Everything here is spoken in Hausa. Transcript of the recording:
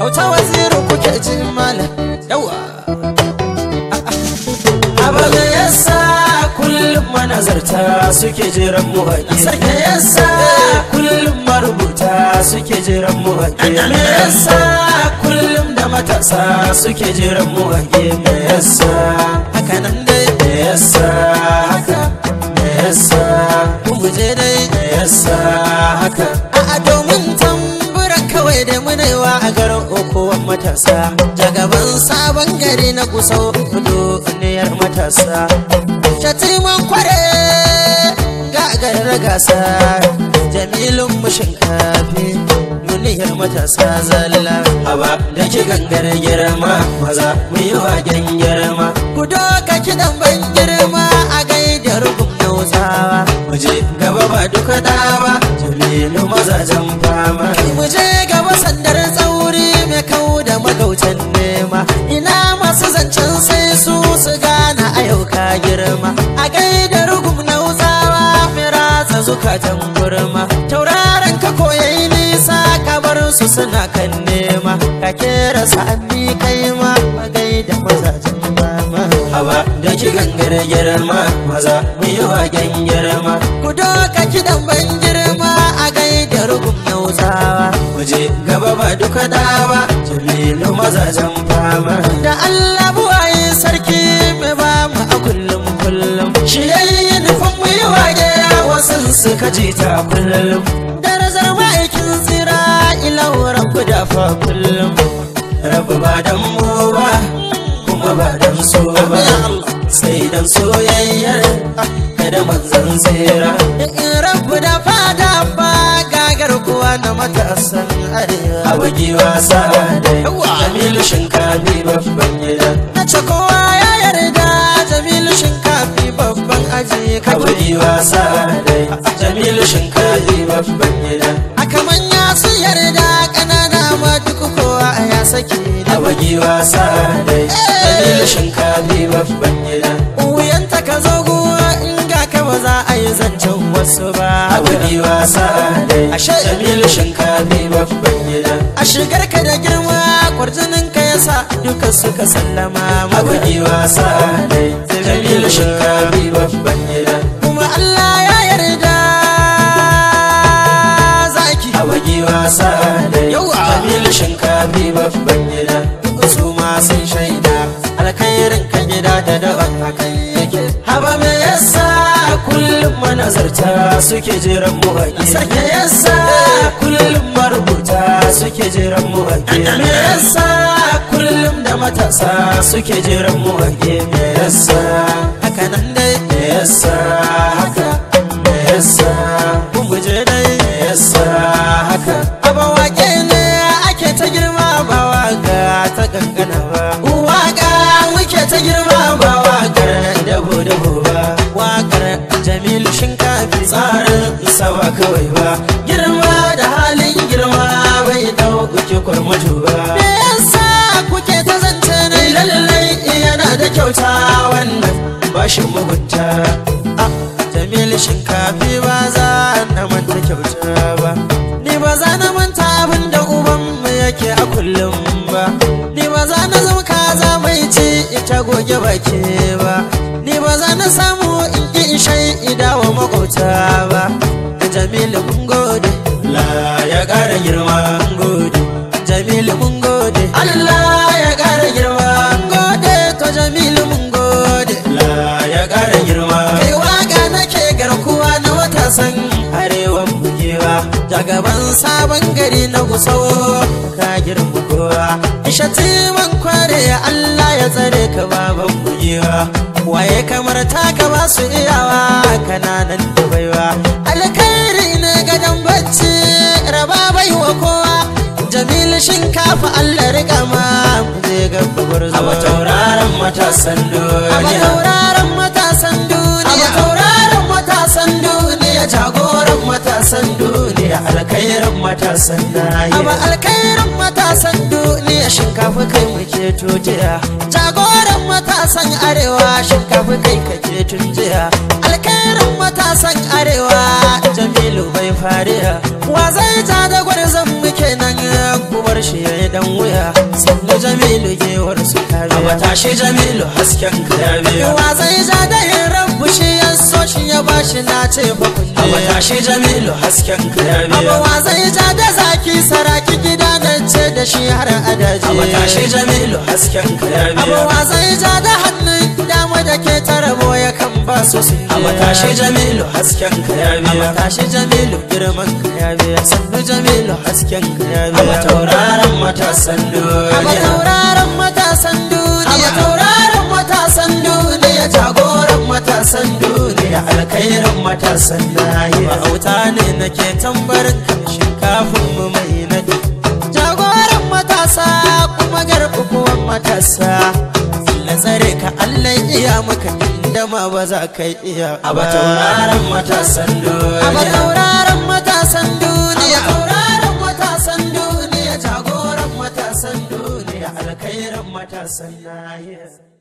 Hauta wazirin kuke ji mala yawa Abaga yasa kullum manazarta suke jiran mu Sake yasa kullum marubuta suke jiran mu Me yasa kullum da matasa suke jiran mu Me yasa haka nan dai Me yasa haka Me yasa kun guje dai Me yasa haka matasa jagaban sabon gari na kusa fito niyar matasa shatiman kware gagarar gasa jamilun mushin kafi duniyar matasa zalla haba da ki gangar girma maza mu yi waken girma ku doka dan ban girma a gaidar gumnautawa mu je gaba ba duka dawa jamilu mazajen fama bukatan gurma tauraron ka koyayi nisa bar su suna kan nema ka kera sa'adi kai ma magai da mazajen ma hawa da ki gangar girma maza mu yi wagen girma ku doka kidan ban girma a gai da rugun yauzawa Waje je gaba ba duka dawa jamilu mazajen suka ji ta kullum darajar ma'aikin tsira ilawar da fa kullum rabu ba dan ba kuma ba dan so ba sai dan soyayya kada manzan tsira rabu da da ba gagar kuwa na matasan arewa abu giwa sa'ada jamilu shinkafi babban gida na ce kowa ya yarda jamilu shinkafi babban aji kake abu giwa babban gida a kaman ya su yarda ƙanana ma duk kowa ya saki da wagi wasa dai eh. dalilin shinkafi babban gida wuyanta ka zo guwa in ga ka ba za a yi zancen wasu ba a wagi wasa dai dalilin shinkafi babban gida a shigar ka da girma kwarjinin ka sa duka suka sallama mabagi wasa dai dalilin shinkafi babban babban gida duk su ma sun shaida alkhairin kan gida da daban hakan yake haba me yasa kullum manazarta suke jiran mu haƙi me yasa kullum marubuta suke jiran mu haƙi me yasa kullum da matasa suke jiran mu me yasa haka nan dai me yasa tsarin sa ba kawai ba girma da halin girma bai dauki kwarmatu ba me yasa kuke ta zance ne lallai yana da kyauta wannan bashin mugunta jamil shinkafi ba za na manta kyauta ba ni ba za na manta abin da uban mu yake a kullum ba ni ba za na zama kaza mai ci ita goge baki kyauta ba da jamilu mun gode la ya ƙara girma mun gode jamilu mun gode allah ya ƙara girma mun gode to jamilu mun gode la ya ƙara girma kai waka nake garkuwa na watasan arewan bugewa da gaban sabon gari na gusau ka girma kowa isha timan kware allah ya tsare ka baban bugewa waye kamar taka ba su iyawa kananan kowa alkhairi ne gadon bacci raba bai wa kowa jamil shinkafa allah rika ma zai gaba gwarzo a matauraran matasan duniya a matauraran matasan duniya a matauraran matasan duniya jagoran matasan duniya alkhairin matasan nahiya a alkhairin matasan duniya shinkafa kai muke totiya jagoran matasan arewa shinkafi kai kace tun jiya alkhairin matasan arewa jamilu bai fariya wa zai ta da gwarzon muke nan gubar shi ya yi dan wuya sannu jamilu gewar su kariya a matashi jamilu hasken kariya wa shi ya bashi na ce ba kulle Aba tashi Jamilu hasken karabe Aba wa zai ja da zaki saraki gida na ce da shi har adaje Aba tashi Jamilu hasken karabe Aba wa zai ja da hannun dama da ke tarabo ya kan ba su su Aba tashi Jamilu hasken karabe Aba tashi Jamilu girman karabe Sannu Jamilu hasken karabe Aba tauraron matasan duniya Aba alkhairin matasan na yi bauta ne nake tambar kamshin kafin mu mai nadi jagoran matasa kuma garkuwan matasa na tsare ka Allah iya maka inda ma ba za ka iya a ba tauraron matasan duniya a ba tauraron matasan duniya tauraron matasan duniya jagoran matasan duniya alkhairin matasan na